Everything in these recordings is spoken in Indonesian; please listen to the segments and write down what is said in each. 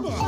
Yeah.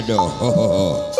Ada, oh oh oh.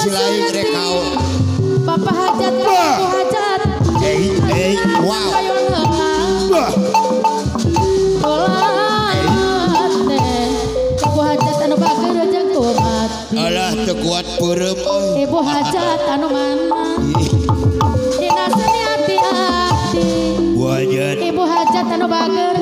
silai hajat, hajat. wow. Anu Alah tekuat Ibu hajat anu mana hati-hati Ibu hajat anu bager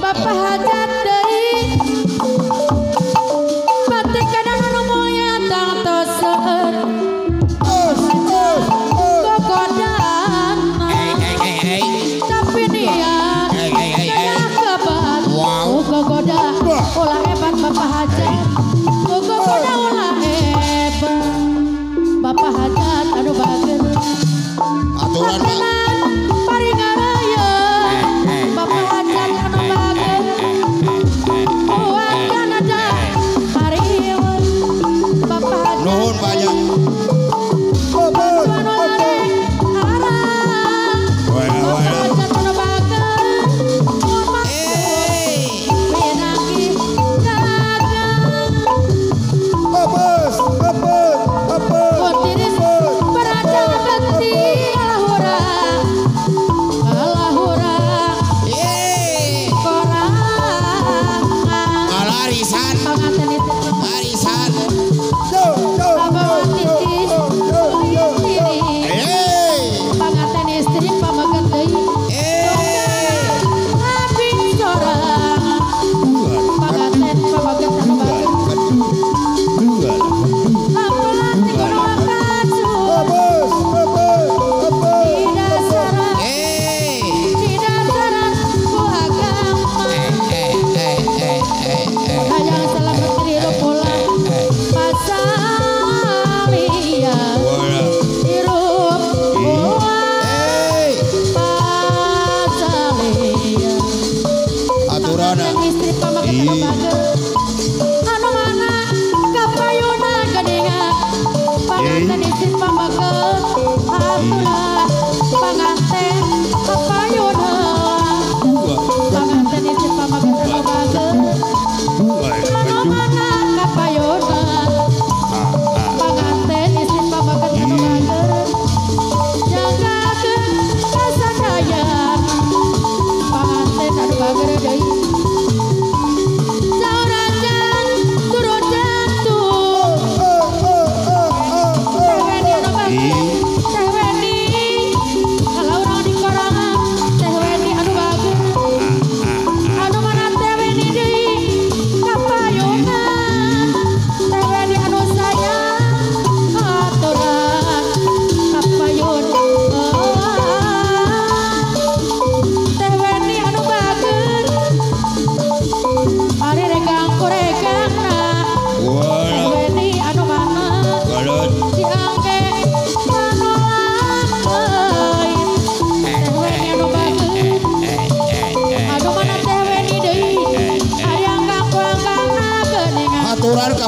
Baparrado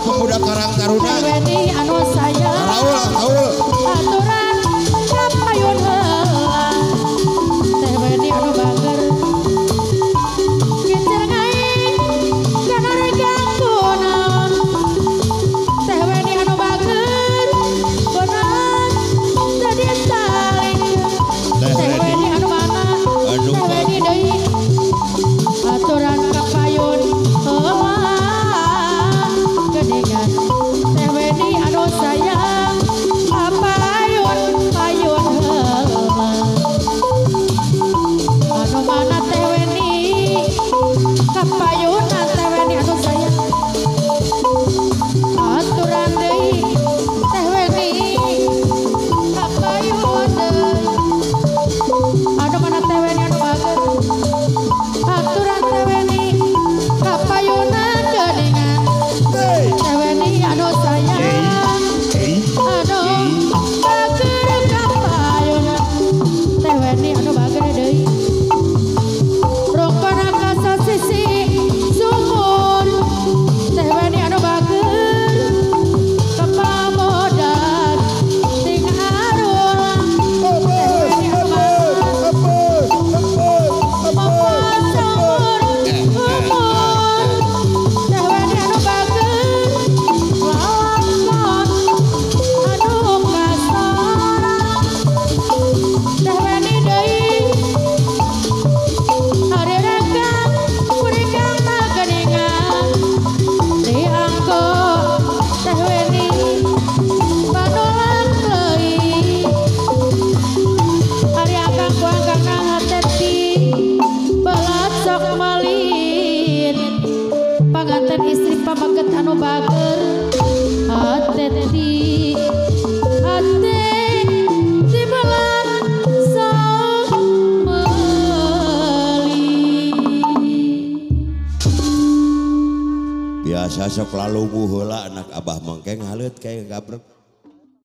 pemuda Karang Taruna biasasok lagu hola anak abah mangkeng halit kang kaprep